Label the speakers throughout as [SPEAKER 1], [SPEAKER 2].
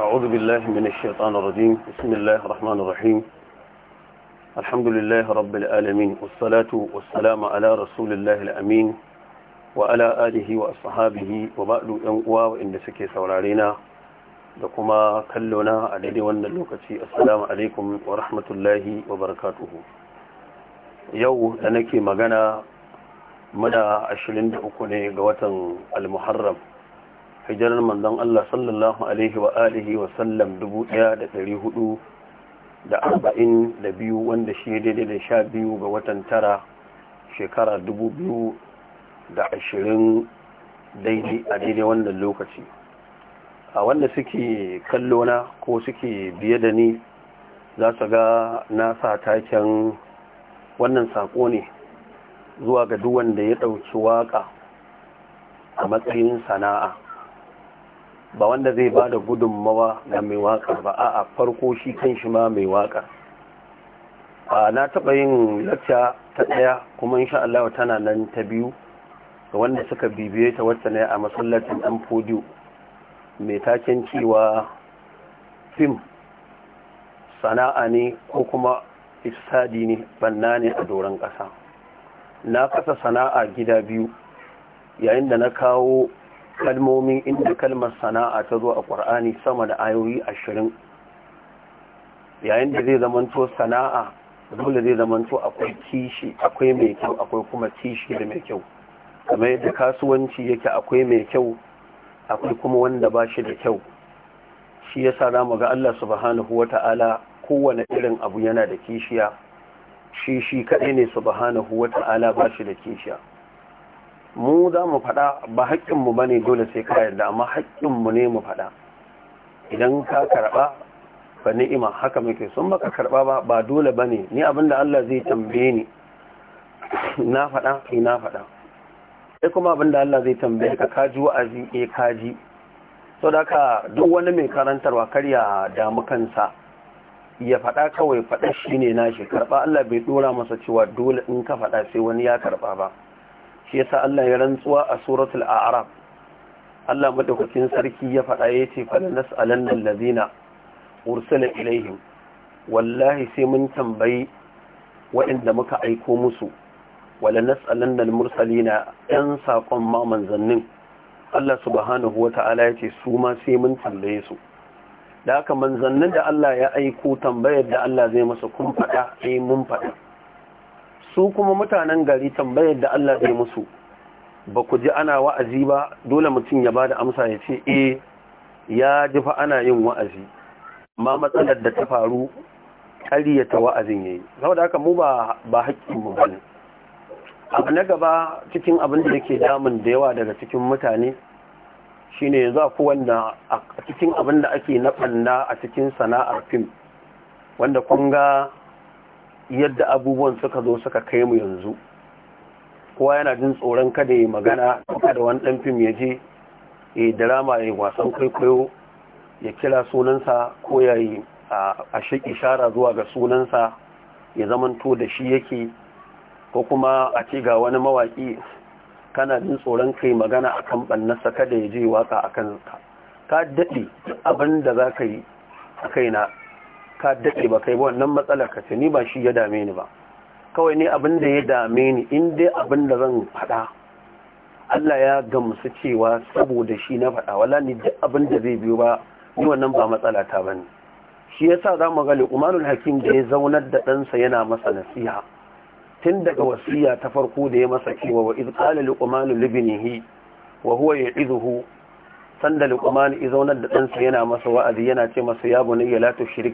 [SPEAKER 1] أعوذ بالله من الشيطان الرجيم بسم الله الرحمن الرحيم الحمد لله رب العالمين والصلاة والسلام على رسول الله الأمين وعلى آله وأصحابه وبعد ينقوى وإن سكي سورارينا لكما كلنا عليه وأن اللوكتي السلام عليكم ورحمة الله وبركاته يو لنكي مغانا مدى عشرين دعوكني قوة المحرم hijirar manzon Allah sallallahu alaihi wa alihi wa sallam da da da arba'in biyu wanda shi daidai da sha biyu ga watan tara shekara dubu biyu da ashirin daidai a daidai wannan lokaci a wanda suke kallona ko suke biye da ni za su ga na sa taken wannan sako ne zuwa ga duwanda wanda ya ɗauki waƙa a matsayin sana'a ba wanda zai ba da gudunmawa ga mai waƙar ba a a farko shi kan shi ma mai waƙar a na taɓa yin lacca ta ɗaya kuma insha Allah tana nan ta biyu ga wanda suka bibiye ta wata ne a masallacin ɗan fodiyo mai taken cewa fim sana'a ne ko kuma isadi ne banna ne a doron ƙasa na kasa sana'a gida biyu yayin da na kawo kalmomin inda kalmar sana'a ta zo a ƙwar'ani sama da ayoyi ashirin yayin da zai zamanto sana'a dole zai zamanto akwai kishi akwai mai kyau akwai kuma kishi da mai kyau kuma yadda kasuwanci yake akwai mai kyau akwai kuma wanda ba shi da kyau shi ya sa za mu ga Allah subhanahu wa ta'ala kowane irin abu yana da kishiya shi shi kaɗai ne subhanahu wa ta'ala ba shi da kishiya mu za mu faɗa ba haƙƙinmu ba ne dole sai ka yarda amma haƙƙinmu ne mu faɗa idan ka karɓa ba ni'ima haka muke sun baka karɓa ba ba dole ba ne ni abinda Allah zai tambaye ni na faɗa kai na faɗa sai kuma abinda Allah zai tambaye ka kaji wa'azi eh kaji sau da ka duk wani mai karantarwa karya damu kansa ya faɗa kawai faɗa shi ne nashi karɓa Allah bai ɗora masa cewa dole in ka faɗa sai wani ya karɓa ba shi yasa Allah ya rantsuwa a suratul a'raf Allah madaukakin sarki ya faɗa yace fa nas'alan allazina ursila ilaihim wallahi sai mun tambayi waɗanda muka aiko musu wala nas'alan al-mursalina yan saƙon ma manzannin Allah subhanahu wata'ala yace su ma sai mun tambaye su da haka manzannin da Allah ya aiko tambayar da Allah zai masa kun faɗa eh mun faɗa su kuma mutanen gari tambayar da Allah ya musu ba ku ji ana wa'azi ba dole mutum ya ba da amsa ya ce e ya ji fa ana yin wa'azi ma matsalar da ta faru ƙaryata wa'azin ya yayi saboda haka mu ba ba ne. mu abu na gaba cikin abin da yake damun da yawa daga cikin mutane shine za ku wanda a cikin abin da ake na a cikin sana'ar fim wanda kun ga yadda abubuwan suka zo suka kai mu yanzu kowa yana jin tsoron kada ya magana kada wani ɗan fim ya je ya yi drama ya yi wasan kwaikwayo ya kira sunansa ko ya yi a shi ishara zuwa ga sunansa ya zamanto da shi yake ko kuma a ce ga wani mawaƙi kana jin tsoron kai magana a kan ɓannarsa kada ya je waka a kan ka daɗe abin da za ka yi a kaina ka daɗe ba kai wannan matsalar ka ce ni ba shi ya dame ni ba kawai ne abin da ya dame ni in dai abin da zan faɗa Allah ya gamsu cewa saboda shi na faɗa wala ni duk abin da zai biyo ba ni wannan ba matsala ta bane shi yasa za mu ga Luqmanul Hakim da ya zaunar da ɗansa yana masa nasiha tun daga wasiya ta farko da ya masa cewa wa iz qala luqmanu libnihi wa huwa ya'idhuhu sanda luqman izaunar da ɗansa yana masa wa'azi yana ce masa ya bunayya la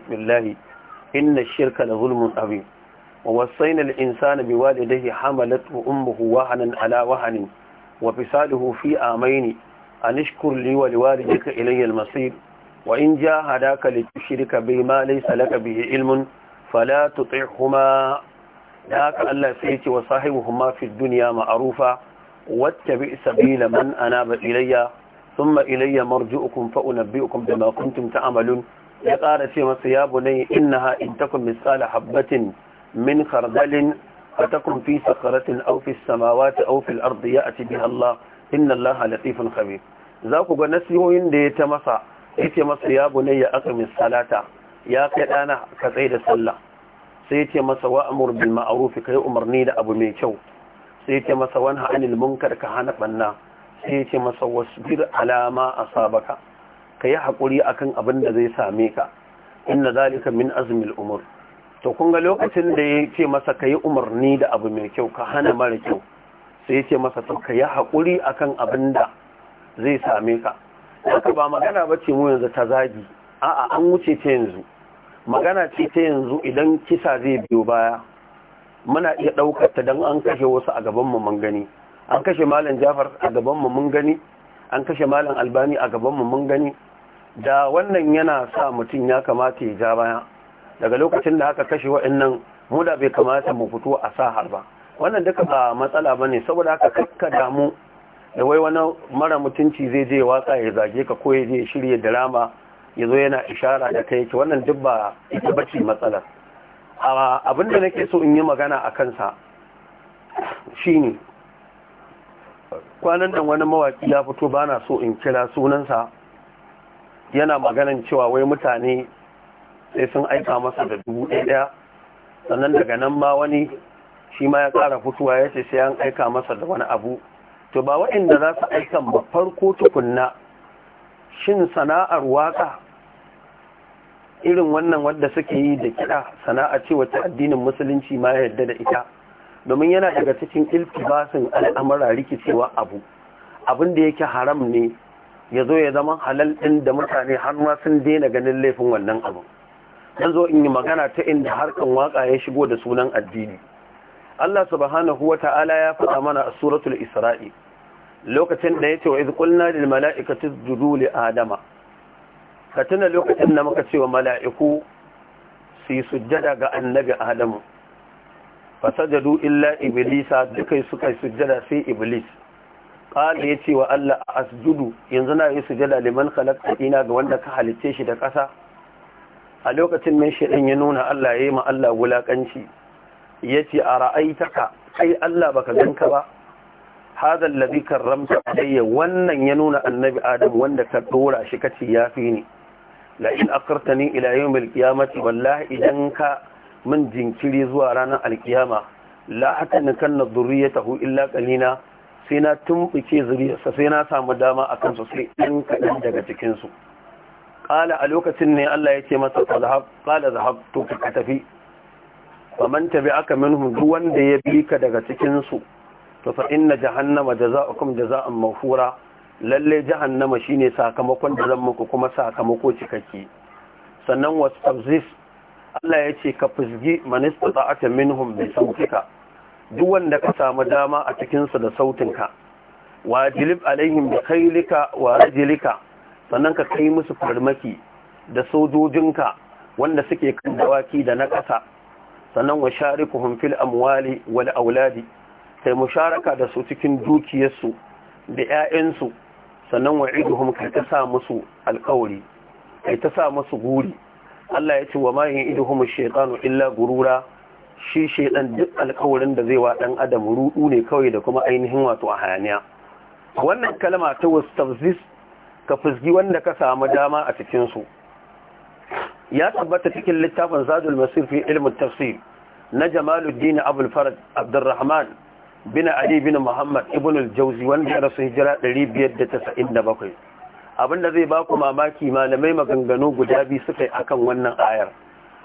[SPEAKER 1] billahi inna shirka la zulmun abi wa wasayna al insana biwalidayhi hamalathu ummuhu wahanan ala wahani wa fisaluhu fi amaini anishkur li wa liwalidayka ka al masir wa in jahadaka li tushrika bima laysa laka bihi ilmun fala tuti'huma da haka Allah sai ya ce wa sahibuhuma fi dunya ma'rufa wacce bi sabila man anaba ilayya ثم إلي مرجعكم فأنبئكم بما كنتم تعملون يقال سيما يا بني إنها إن تكن مثقال حبة من خردل فتكن في صخرة أو في السماوات أو في الأرض يأتي بها الله إن الله لطيف خبير ذاك نسيوين دي تمسا إيتي مسا يا بني أقم الصلاة يا كدانا كسيد الصلاة سيتي مسا وأمر بالمعروف كي أمرني لأبو ميشو سيتي مسا وانها عن المنكر كهانك بناه sai ce masa wasbir alama asabaka ka yi haƙuri akan abin da zai same ka inna zalika min azumin umur to kun ga lokacin da ya ce masa ka yi umarni da abu mai kyau ka hana mara kyau sai ce masa to ka yi haƙuri akan abin da zai same ka haka ba magana ba ce mu yanzu ta zagi a'a an wuce ta yanzu magana ce ta yanzu idan kisa zai biyo baya muna iya ɗaukar ta don an kashe wasu a gaban mu mangani gani an kashe malam jafar a gabanmu mun gani an kashe malam albani a gabanmu mun gani da wannan yana sa mutum ya kamata ya ja baya daga lokacin da aka kashe waɗannan mu da bai kamata mu fito a sa har ba wannan duka ba matsala ba ne saboda haka kakka damu da wai wani mara mutunci zai je watsa ya zage ka ko ya je shirya drama ya zo yana ishara da kai ki wannan duk ba ita bace matsalar abinda nake so in yi magana a kansa shine kwanan nan wani mawaki ya fito ba na so in kira sunansa yana maganan cewa wai mutane sai sun aika masa da dubu ɗaya sannan daga nan ma wani shi ma ya ƙara fitowa ya ce sai an aika masa da wani abu to ba waɗanda za su aikan ba farko tukunna shin sana'ar waƙa irin wannan wadda suke yi da kiɗa sana'a ce wata addinin musulunci ma ya yarda da ita domin yana daga cikin iltibasin al'amara rikicewa abu abin da yake haram ne ya zo ya zama halal ɗin da mutane har ma sun daina ganin laifin wannan abu dan zo in yi magana ta inda harkan waka ya shigo da sunan addini Allah subhanahu ta'ala ya faɗa mana a suratul Isra'i lokacin da ya ce wa izkulna lil mala'ikati isjudu adama ka tuna lokacin da muka ce wa mala'iku su yi sujjada ga annabi adamu fasajadu illa iblisa dukai suka sujjada sai iblis qala yace wa Allah asjudu yanzu na yi sujjada liman khalaqta ina ga wanda ka halice shi da ƙasa a lokacin mai shedan ya nuna Allah yayi ma Allah wulakanci yace ara'aitaka Ai Allah baka ganka ba hadha alladhi karramta alayya wannan ya nuna annabi adam wanda ka dora shi kace fi ni la in aqartani ila yawmil qiyamati wallahi idan ka man jinkiri zuwa ranar alkiyama la haka nikan ya zuriyatahu illa qalina sai na tumbuke zuriyarsa sai na samu dama a kansu sai ɗan kaɗan daga cikinsu ƙala a lokacin ne Allah ya ce masa ƙala zahab to ka tafi faman tabi aka minhum duk wanda ya bi ka daga cikinsu to fa inna jahannama jaza'ukum jaza'an Lallai lalle jahannama shine sakamakon da zan muku kuma sakamako cikakke sannan wastabzis Allah ya ce ka fusgi manista ta minhum mai sautika duk wanda ka samu dama a cikinsu da sautinka wa jilib alaihim kai lika, wa rajlika sannan ka kai musu farmaki da sojojinka wanda suke kan dawaki da na ƙasa sannan wa sharikuhum fil amwali wal auladi kai musharaka da su cikin dukiyarsu da 'ya'yansu sannan wa iduhum ta sa musu alƙawari kai ta sa musu guri Allah ya ce wa ma ya'iduhum ash-shaytanu illa gurura shi shaytan duk alƙawarin da zai wa dan adam rudu ne kawai da kuma ainihin wato a hayaniya wannan kalma ta wastafzis ka fusgi wanda ka samu dama a cikin su ya tabbata cikin littafin zadul masir fi ilmin tafsir na jamaluddin abul farad abdurrahman bin ali bin muhammad ibn al-jawzi wanda ya rasu hijira 597 abin da zai ba ku mamaki malamai maganganu guda biyu suka yi akan wannan ayar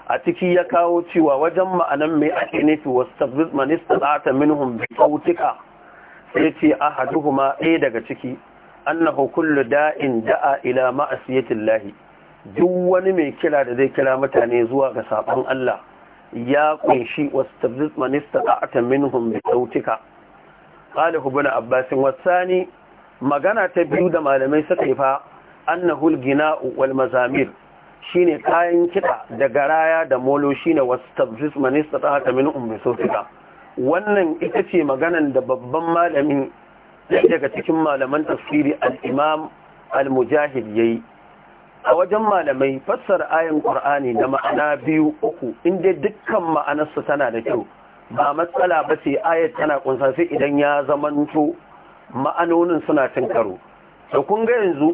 [SPEAKER 1] a ciki ya kawo cewa wajen ma'anan mai ake nufi wasu tabbis manista ta minhum bi sai ce a ahaduhuma ɗaya daga ciki annahu kullu da'in da'a ila lahi. duk wani mai kira da zai kira mutane zuwa ga sabon Allah ya kunshi wasu tabbis manista ta minhum bi sautika qala ibn abbas wasani magana ta biyu da malamai suka yi fa annahul gina'u wal mazamir shine kayan kiɗa da garaya da molo shine wastabjis man istata min ummi sofika wannan ita ce maganan da babban malamin daga cikin malaman tafsiri al-imam al-mujahid yayi a wajen malamai fassara ayan qur'ani da ma'ana biyu uku inda dukkan ma'anarsa tana da kyau ba matsala ba ce ayat tana kunsa sai idan ya zamanto ma'anonin suna cin karo da kun ga yanzu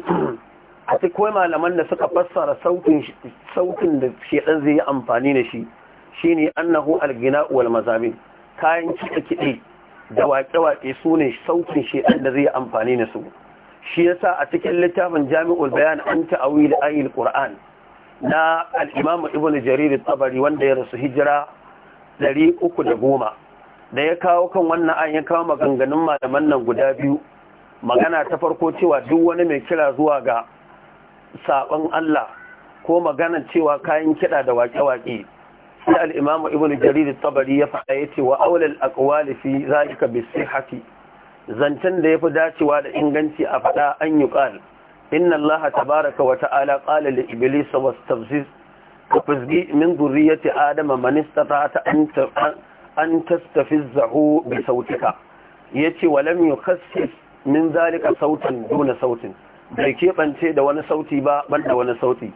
[SPEAKER 1] a cikin malaman da suka fassara sautin da shedan zai yi amfani da shi shine annahu algina wal mazamin kayan kiɗe kiɗe da waƙe-waƙe su ne sautin shedan da zai yi amfani da su shi ya sa a cikin littafin jami'ul bayan an da ayil qur'an na al ibn jarir tabari wanda ya rasu hijira 310 da ya kawo kan wannan an ya kawo maganganun malaman nan guda biyu magana ta farko cewa duk wani mai kira zuwa ga saɓon Allah ko magana cewa kayan kiɗa da waƙe-waƙe sai al'imamu ibn jarir tabari ya faɗa ya ce wa aulal aqwali fi zalika bi sihhati zancen da yafi dacewa da inganci a faɗa an yi qal inna allaha tabaaraka wa ta'ala qala li iblis wastafziz kafizbi min dhurriyyati adama man istata'a an an tastafizzahu bi sautika yace walam yukhassis min zalika sautan duna sautin bai keɓance da wani sauti ba banda wani sauti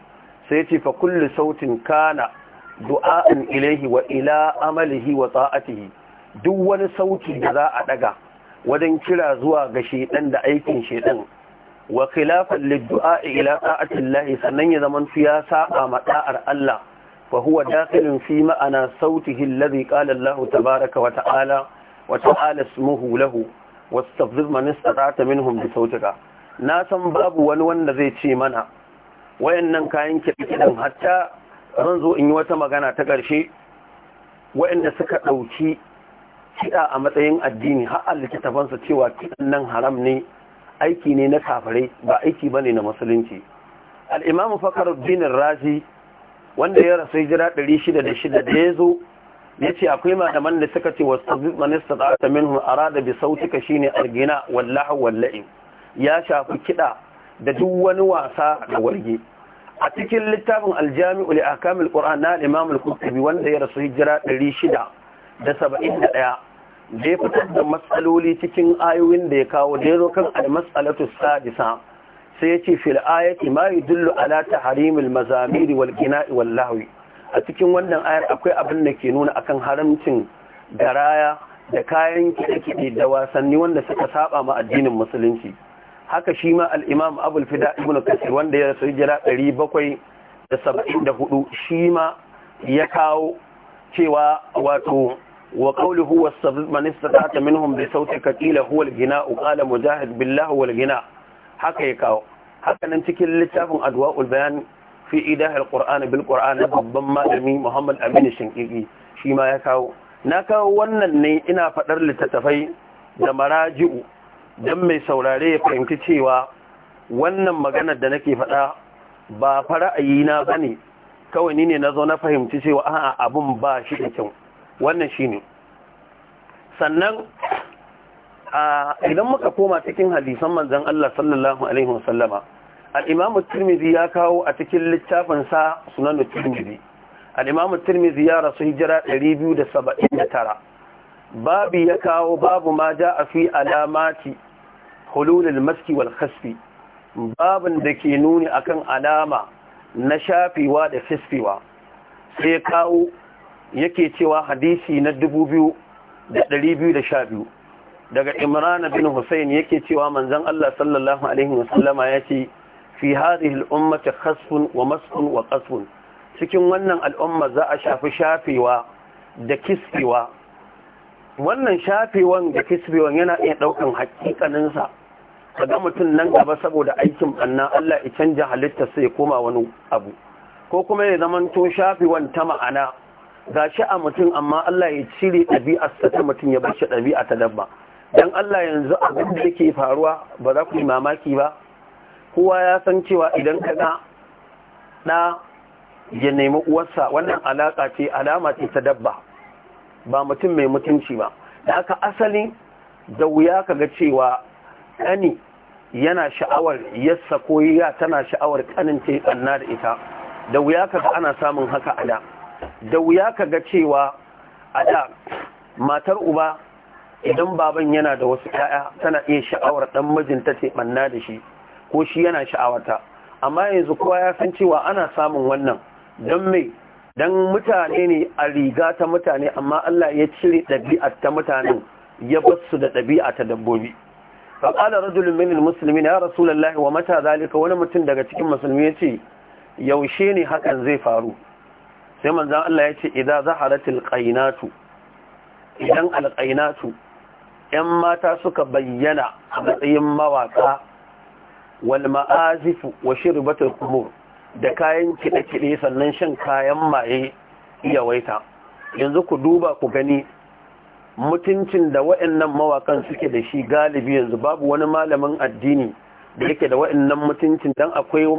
[SPEAKER 1] sai yace fa kullu sautin kana du'a'an ilaihi wa ila amalihi wa ta'atihi duk wani sauti da za a daga wajen kira zuwa ga shedan da aikin shedan wa khilafan lid du'a ila ta'atillahi sannan ya zaman fiya sa'a ma Allah فهو داخل في معنى صوته الذي قال الله تبارك وتعالى وتعالى اسمه له واستفزر من استطعت منهم بصوتك ناسا باب ونوان نزي تيمنا wayannan kayan kiɗan hatta zan zo in yi wata magana ta ƙarshe wayanda kida a matsayin addini har a littattafansa cewa kidan nan haram ne aiki ne na kafirai ba aiki bane na musulunci al imam fakhruddin razi wanda ya rasu jira ɗari shida da ya zo ya ce akwai malaman da suka ce wasu manista da aka minhu a rada bi sautuka shi ne argina wallaha ya shafi kiɗa da duk wani wasa da warge a cikin littafin aljami'u li akamil qur'an na imam al wanda ya rasu jira ɗari shida da da ya fitar da matsaloli cikin ayoyin da ya kawo da ya zo kan almasalatu sadisa sai ya ce fil ayati ma yudullu ala tahrimil mazamiri wal qina'i wal lahwi a cikin wannan ayar akwai abin da ke nuna akan haramcin garaya da kayan kiɗe-kiɗe da wasanni wanda suka saba ma addinin musulunci haka shi ma al'imam abul fida ibn kasir wanda ya rasu jira 774 shi ma ya kawo cewa wato وقوله هو minhum من استطعت منهم بصوتك قيل هو الغناء قال mujahid بالله wal الغناء haka ya kawo haka nan cikin littafin adwa'ul bayan fi idahil qur'ani bil qur'ani babban malami Muhammad Aminu shinkigi shi ma ya kawo na kawo wannan ne ina faɗar littattafai da maraji'u don mai saurare ya fahimci cewa wannan maganar da nake faɗa ba fara'ayi na bane kawai ni ne na zo na fahimci cewa a'a abun ba shi da kyau wannan shine sannan idan muka koma cikin hadisan manzon Allah sallallahu alaihi wasallama al-Imam ya kawo a cikin littafin sa Sunan tirmidhi al-Imam tirmidhi ya rasu hijira da tara babu ya kawo babu ma jaa fi alamati hulul al-maski wal khasfi babin da ke nuni akan alama na shafewa da fisfewa sai kawo yake cewa hadisi na 2212 daga imran bin husayn yake cewa manzon Allah sallallahu alaihi ya ce fi hadhihi al-ummati khasfun wa masfun wa qasfun cikin wannan al'umma za a shafi shafewa da kisbewa wannan shafewan da kisbewan yana iya daukan hakikanin sa kaga mutun nan gaba saboda aikin banna Allah ya canja halitta sai koma wani abu ko kuma ya zamanto shafewan ta ma'ana gashi a mutum amma Allah ya cire ɗabi'arsa ta mutum ya bar shi ɗabi'a ta dabba dan Allah yanzu abin da yake faruwa ba za ku yi mamaki ba kowa ya san cewa idan ka na, ɗa ya nemi uwarsa wannan alaƙa ce alama ce ta dabba ba mutum mai mutunci ba da aka asali da wuya ka ga cewa ƙani yana sha'awar yassa ko ya tana sha'awar ƙanin ce da ita da wuya ka ga ana samun haka a da da wuya ka ga cewa a matar uba idan baban yana da wasu ƴaƴa tana iya sha'awar dan mijinta ce banna da shi ko shi yana sha'awarta amma yanzu kowa ya san cewa ana samun wannan don mai don mutane ne a riga ta mutane amma Allah ya cire ɗabi'a ta mutanen ya bar su da ɗabi'a ta dabbobi faƙala rajulun minil musulmi ya rasulullahi wa mata zalika wani mutum daga cikin musulmi ya ce yaushe ne hakan zai faru sai manzan Allah ya ce idan zaharatil qainatu idan alqainatu ‘yan mata suka bayyana a matsayin mawaka wal ma'azifu wa shirbatul kubur da kayan kiɗe-kiɗe sannan shan kayan maye iya waita yanzu ku duba ku gani mutuncin da nan mawakan suke da shi galibi yanzu babu wani malamin addini da yake da wa'in nan mutuncin don akwai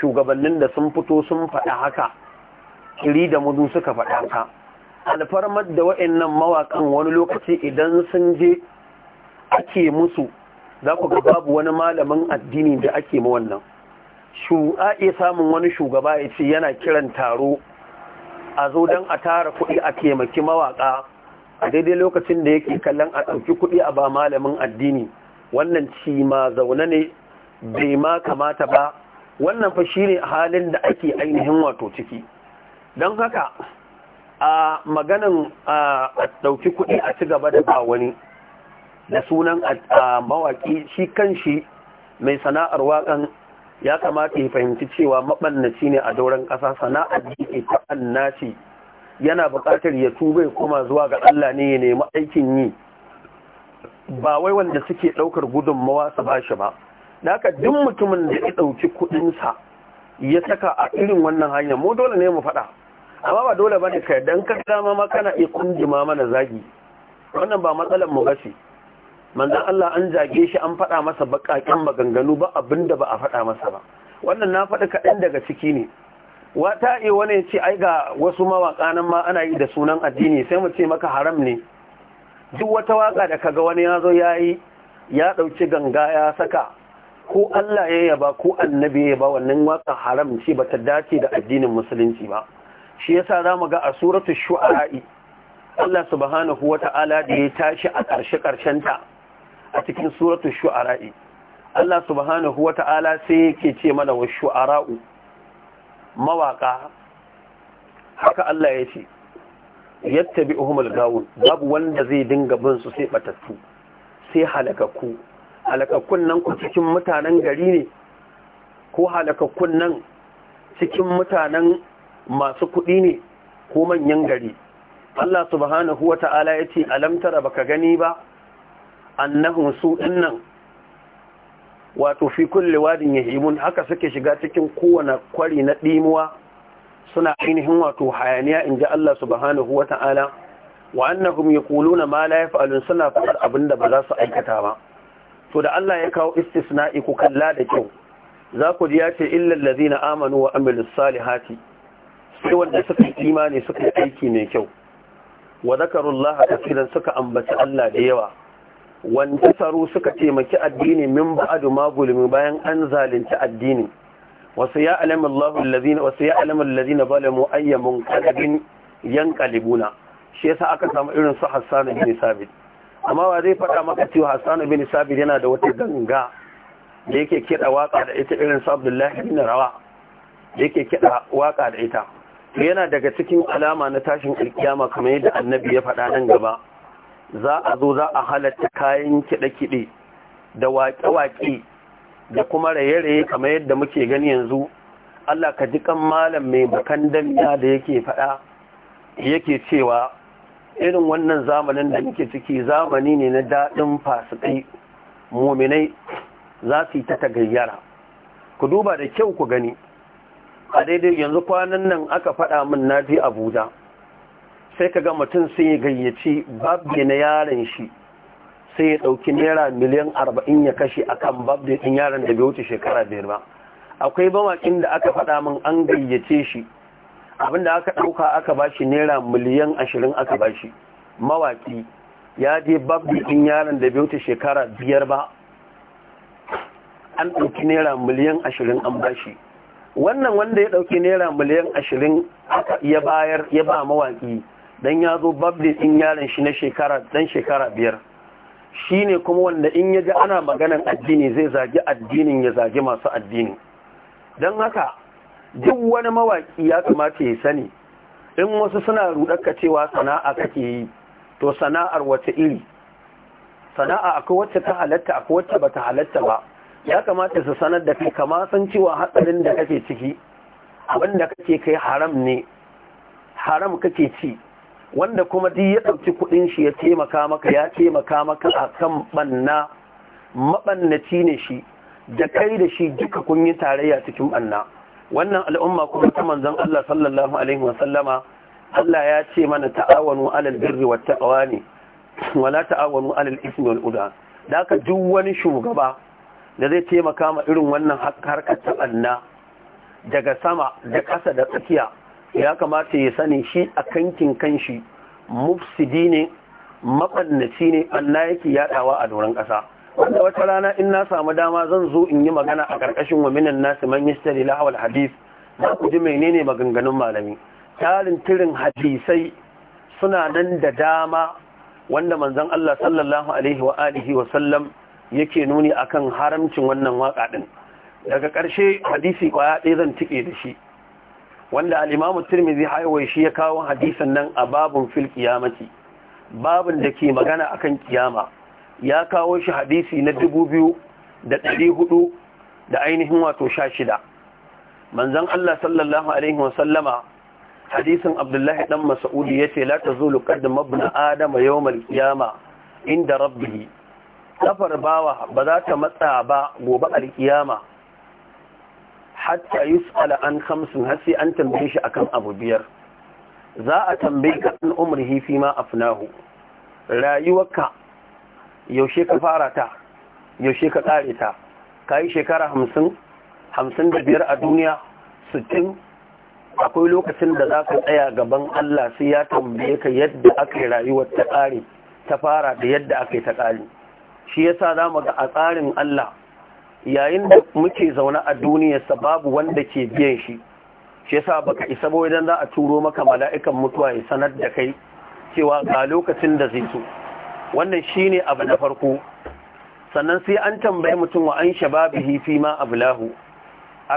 [SPEAKER 1] shugabannin da sun fito sun faɗa haka kiri da mudu suka faɗa haka alfarmar da wa'in nan mawakan wani lokaci idan sun je ake musu za ku ga babu wani malamin addini da ake ma wannan shu a iya samun wani shugaba ya ce yana kiran taro a zo don a tara kuɗi a taimaki mawaƙa a daidai lokacin da yake kallon a ɗauki kuɗi a ba malamin addini wannan ci ma zaune ne bai ma kamata ba wannan fa shine halin da ake ainihin wato ciki don haka a maganin a ɗauki kuɗi a ci gaba da ba wani da sunan a mawaki shi kanshi mai sana'ar waƙan ya kamata ya fahimci cewa maɓannaci ne a dauran ƙasa sana'ar da ke ta'annaci yana buƙatar ya tuba kuma zuwa ga Allah ne ya nemi aikin yi ba wai wanda suke ɗaukar gudunmawa su ba shi ba naka duk mutumin da ya ɗauki kuɗinsa ya saka a irin wannan hanyar mu dole ne mu faɗa amma ba dole ba ne ka don ka dama ma kana iya kunjima mana zagi wannan ba matsalar mu ba ce manzon Allah an zage shi an faɗa masa baƙaƙen maganganu ba abinda ba a faɗa masa ba wannan na faɗi kaɗan daga ciki ne wata ewa wani ya ce ai ga wasu mawaƙa nan ma ana yi da sunan addini sai mu ce maka haram ne duk wata waƙa da kaga wani ya zo ya yi ya ɗauki ganga ya saka ko Allah ya yaba ko annabi ya yaba wannan waƙa haram ce ba ta dace da addinin musulunci ba shi yasa za mu ga a suratul shu'ara Allah subhanahu wata'ala da ya tashi a ƙarshe ƙarshen ta a cikin suratu shu'ara'i Allah subhanahu wata'ala sai yake ce mana wa shu'ara'u mawaka haka Allah ya ce yadda bi al-gawun babu wanda zai dinga bin su sai batattu sai halakakku halakakkun nan ku cikin mutanen gari ne ko halakakkun nan cikin mutanen masu kuɗi ne ko manyan gari Allah subhanahu wata'ala ya ce alamtara ba baka gani ba annahum su dinnan wato fi kulli wadin yahimun haka suke shiga cikin kowane kwari na ɗimuwa suna ainihin wato hayaniya inji Allah subhanahu wata'ala wa ya yaquluna ma la yaf'alun suna faɗar abinda ba za su aikata ba to da Allah ya kawo istisna'i ku kalla da kyau za ku ji ya ce illal lazina amanu wa amilus salihati sai wanda suka yi imani suka yi aiki mai kyau wa zakarullaha kafiran suka ambaci Allah da yawa wanda tsaro suka taimaki addini min ba'adu ma gulmi bayan an zalunci addini wasu ya alamu Allah lalazina wasu ya alamu allazina ayyamin ayyamun yan kalibuna shi yasa aka samu irin su Hassan bin Sabit amma ba zai faɗa maka cewa Hassan bin Sabit yana da wata ganga da yake kida waka da ita irin su Abdullahi bin Rawa da yake kida waka da ita yana daga cikin alama na tashin alkiyama kamar yadda annabi ya faɗa nan gaba za a zo za a halatta kayan kiɗe-kiɗe da waƙe-waƙe da kuma raye-raye kamar yadda muke gani yanzu Allah ka ji kan malam mai bakan damiya da yake faɗa yake cewa irin wannan zamanin da muke ciki zamani ne na daɗin fasikai muminai za su yi ta tagayyara ku duba da kyau ku gani a daidai yanzu kwanan nan aka faɗa min na je abuja sai ka ga mutum sai ya gayyaci babbe na yaron shi sai ya ɗauki naira miliyan arba'in ya kashe akan babbe ɗin yaron da bai wuce shekara biyar ba akwai bawakin da aka faɗa min an gayyace shi abinda aka ɗauka aka ba shi naira miliyan ashirin aka ba shi mawaki ya je babbe ɗin yaron da bai wuce shekara biyar ba an ɗauki naira miliyan ashirin an ba shi wannan wanda ya ɗauki naira miliyan ashirin ya bayar ya ba mawaƙi dan ya zo babdin din yaron shi na shekara dan shekara biyar shi ne kuma wanda in ya ji ana maganan addini zai zagi addinin ya zagi masu addini don haka duk wani mawaƙi ya kamata ya sani in wasu suna ka cewa sana'a kake yi to sana'ar wata iri sana'a akwai wacce ta halatta akwai wacce bata halatta ba ya kamata su sanar da kai kama san cewa hatsarin da kake ciki abin da kake kai haram ne haram kake ci wanda kuma duk ya ɗauki kuɗin shi ya taimaka maka ya taimaka maka a kan ɓanna maɓannaci ne shi da kai da shi duka kun yi tarayya cikin ɓanna wannan al'umma kuma ta manzon Allah sallallahu alaihi wasallama Allah ya ce mana ta'awanu alal birri wa taqwa ne wala ta'awanu alal ismi wal udwan da ka duk wani shugaba da zai taimaka ma irin wannan harkar ta daga sama da ƙasa da tsakiya ya kamata ya sani shi a kankin kanshi mufsidi ne maɓannaci ne Allah yake yaɗawa a doron ƙasa wanda wata rana in na samu dama zan zo in yi magana a ƙarƙashin waminan nasi nasu man lahawar lahawal za ku ji menene maganganun malami tarin tirin hadisai suna nan da dama wanda manzon Allah sallallahu alaihi wa alihi wa sallam yake nuni akan haramcin wannan waka din daga ƙarshe hadisi kwaya ɗaya zan tike da shi wanda Alimamu Turmizi tirmidhi haiwai shi ya kawo hadisan nan a babun fil qiyamati babun da ke magana a kan kiyama ya kawo shi hadisi na dubu biyu da ɗari hudu da ainihin wato sha shida manzon Allah sallallahu alaihi wa sallama hadisin Abdullahi dan Mas'udi ce la lukar da mabuna adama mal kiyama, inda rabbi kafar bawa ba za ta matsa ba gobe kiyama. hatta yus'ala an khamsin har sai an tambaye shi akan abu biyar za a tambaye ka an umrihi fi ma afnahu rayuwarka yaushe ka fara ta yaushe ka kare ta kai shekara 50 biyar a duniya sittin? akwai lokacin da za ka tsaya gaban Allah sai ya tambaye ka yadda aka yi rayuwar ta kare ta fara da yadda aka yi ta kare shi yasa za mu ga a tsarin Allah yayin da muke zaune a duniyarsa babu wanda ke biyan shi shi yasa baka isa ba idan za a turo maka mala'ikan mutuwa ya sanar da kai cewa ga lokacin da zai so wannan shine abu na farko sannan sai an tambayi mutum wa an shababihi hifi ma ablahu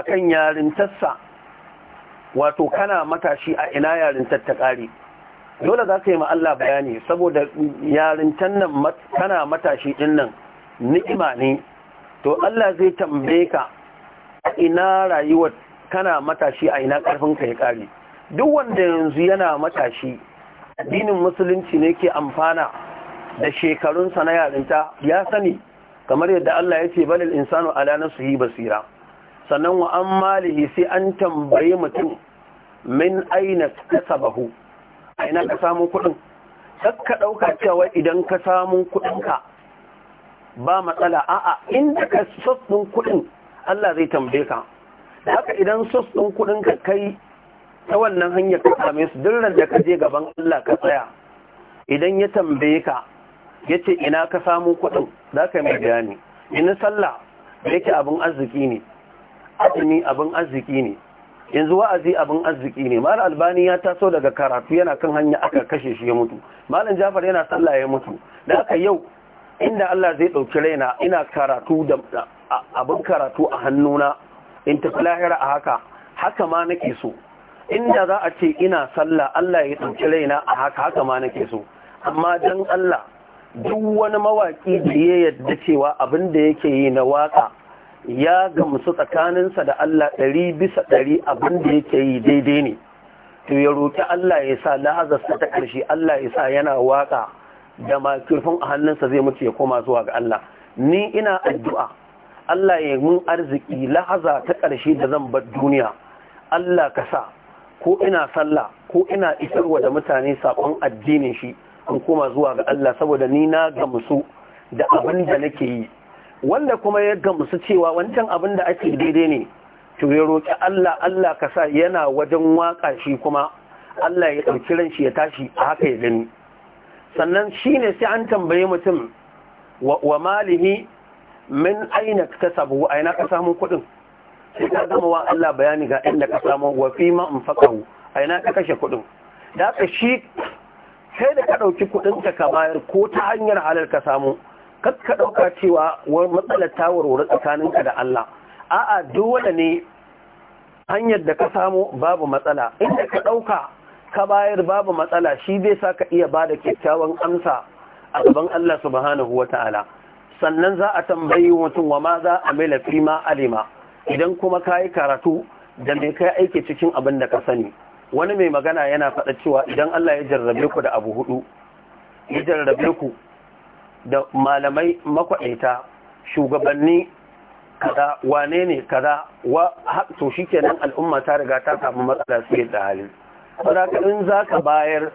[SPEAKER 1] kan yarintarsa wato kana matashi a ina yarintar ta kare dole za ka yi ma Allah bayani saboda yarintar nan kana matashi din nan ni'ima ne to Allah zai tambaye ka ina rayuwar kana matashi a ina karfin ka ya kare duk wanda yanzu yana matashi addinin musulunci ne ke amfana da shekarunsa na yarinta ya sani kamar yadda Allah ya ce balil insanu ala nafsihi basira sannan wa an malihi sai an tambaye mutum min aina kasabahu aina ka samu kudin sakka dauka cewa idan ka samu kudin ba matsala a'a inda ka sos ɗin kuɗin Allah zai tambaye ka haka idan sos ɗin kuɗin ka kai ta wannan hanyar ka same su duk da ka je gaban Allah ka tsaya idan ya tambaye ka ya ce ina ka samu kuɗin za mai bayani ina sallah yake abin arziki ne azumi abin arziki ne yanzu wa'azi abin arziki ne mal albani ya taso daga karatu yana kan hanya aka kashe shi ya mutu malam jafar yana sallah ya mutu da aka yau inda Allah zai ɗauki raina ina karatu da abin karatu a hannuna in tafi lahira a haka haka ma nake so inda za a ce ina sallah Allah ya ɗauki raina a haka haka ma nake so amma don Allah duk wani mawaƙi da ya yadda cewa abin da yake yi na waƙa ya gamsu tsakaninsa da Allah ɗari bisa ɗari abin da yake yi daidai ne to ya roƙi Allah ya sa lahazarsa ta ƙarshe Allah ya sa yana waƙa da makirfin a hannunsa zai mutu ya koma zuwa ga Allah ni ina addu'a Allah ya mun arziki lahaza ta ƙarshe da zan bar duniya Allah ka sa ko ina sallah ko ina isarwa da mutane saƙon addinin shi in koma zuwa ga Allah saboda ni na gamsu da abin da nake yi wanda kuma ya gamsu cewa wancan abin da ake daidai ne to ya roƙi Allah Allah ka sa yana wajen waka shi kuma Allah ya ɗauki ran shi ya tashi a haka ya gani sannan shine sai an tambaye mutum wa malihi min aina kasabu aina ka samu kuɗin sai ka gama wa Allah bayani ga inda ka samu wa fi ma anfaqahu aina ka kashe kuɗin da ka shi sai da ka ɗauki kuɗinka ka bayar ko ta hanyar halar ka samu kar ka ɗauka cewa wani matsalar ta warware tsakaninka da Allah a'a dole ne hanyar da ka samu babu matsala inda ka ɗauka ka bayar babu matsala shi zai sa ka iya ba da kyakkyawan amsa a gaban Allah subhanahu wa ta'ala sannan za a tambayi mutum wa ma za a mila fima alima idan kuma ka yi karatu da mai kai aiki cikin abin da ka sani wani mai magana yana faɗa cewa idan Allah ya jarrabe ku da abu hudu ya jarrabe ku da malamai makwaɗaita shugabanni kaza wane ne kaza wa to shikenan al'umma ta riga ta samu matsala su da halin saboda in za ka bayar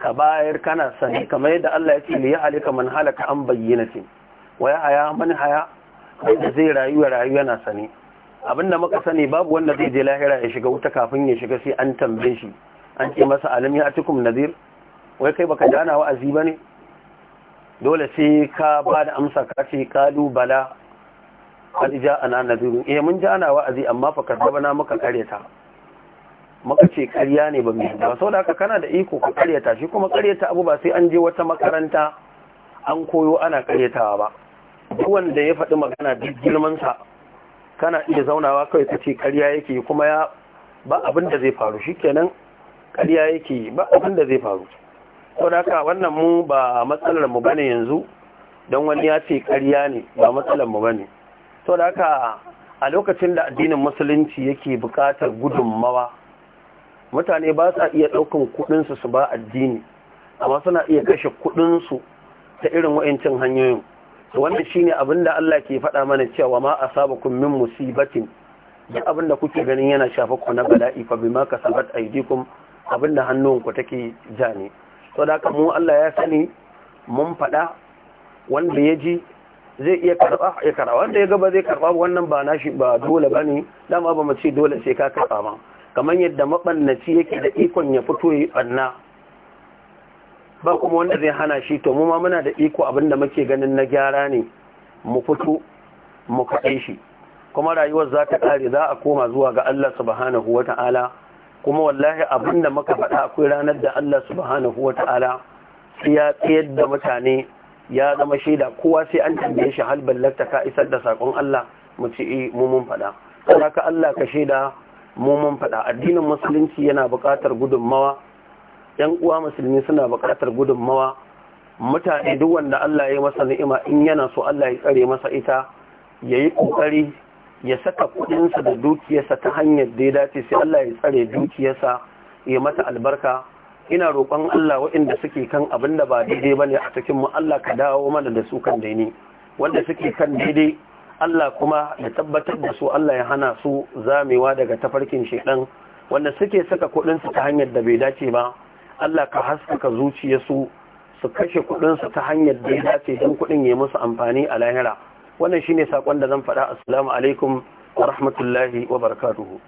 [SPEAKER 1] ka bayar kana sani kamar yadda Allah ya ce li alika man halaka an bayyana ce wa haya man haya wanda zai rayu rayu yana sani abinda muka sani babu wanda zai je lahira ya shiga wuta kafin ya shiga sai an tambaye shi an ce masa alam ya atikum nadir wai kai baka dana wa'azi bane dole sai ka ba da amsa ka ce kalu bala qad ana nadir eh mun ana wa'azi amma fa karbana muka ta. muka ce karya ne ba mai ba sau da haka kana da iko ka karyata shi kuma karyata abu ba sai an je wata makaranta an koyo ana karyatawa ba duk wanda ya faɗi magana duk girmansa kana iya zaunawa kawai ka ce karya yake kuma ya ba abin da zai faru shikenan karya yake ba abin da zai faru sau da haka wannan mu ba matsalar mu bane yanzu don wani ya ce karya ne ba matsalar mu bane sau da haka a lokacin da addinin musulunci yake buƙatar gudunmawa mutane ba sa iya ɗaukan kuɗinsu su ba addini amma suna iya kashe kuɗinsu ta irin wa'incin hanyoyin wannan shine abin da Allah ke faɗa mana cewa ma asabakum min musibatin duk abin da kuke ganin yana shafa ku na bala'i fa bima kasabat aydikum abin da hannunku take ja ne to da mu Allah ya sani mun faɗa wanda ya ji zai iya karɓa ya karɓa wanda ya ga ba zai karɓa wannan ba nashi ba dole bane dama ba mu ce dole sai ka karɓa ma kamar yadda maɓannaci yake da ikon ya fito yi ɓanna ba kuma wanda zai hana shi to mu ma muna da iko abinda muke ganin na gyara ne mu fito mu kaɗe shi kuma rayuwar za ta ƙare za a koma zuwa ga Allah subhanahu wa ta'ala kuma wallahi abinda muka faɗa akwai ranar da Allah subhanahu wa ta'ala sai ya tsayar da mutane ya zama shaida kowa sai an tambaye shi hal ballakta ka isar da sakon Allah mu ce eh, mu mun faɗa saboda Allah ka shaida mu mun faɗa addinin musulunci yana buƙatar gudunmawa yan uwa musulmi suna buƙatar gudunmawa mutane duk wanda Allah ya yi masa ni'ima in yana so Allah ya tsare masa ita ya yi ƙoƙari ya saka kuɗinsa da dukiyarsa ta hanyar da ya dace sai Allah ya tsare dukiyarsa ya mata albarka ina roƙon Allah waɗanda suke kan abinda ba daidai bane a cikin mu Allah ka dawo mana da su kan daidai wanda suke kan daidai Allah kuma ya tabbatar da su Allah ya hana su zamewa daga tafarkin shaidan wanda suke saka kuɗinsu su ta hanyar da bai dace ba Allah ka haskaka zuciyarsu su kashe kuɗinsu su ta hanyar da ya dace don kuɗin ya musu amfani a lahira wannan shine sakon da zan faɗa assalamu alaikum wa rahmatullahi wa barakatuhu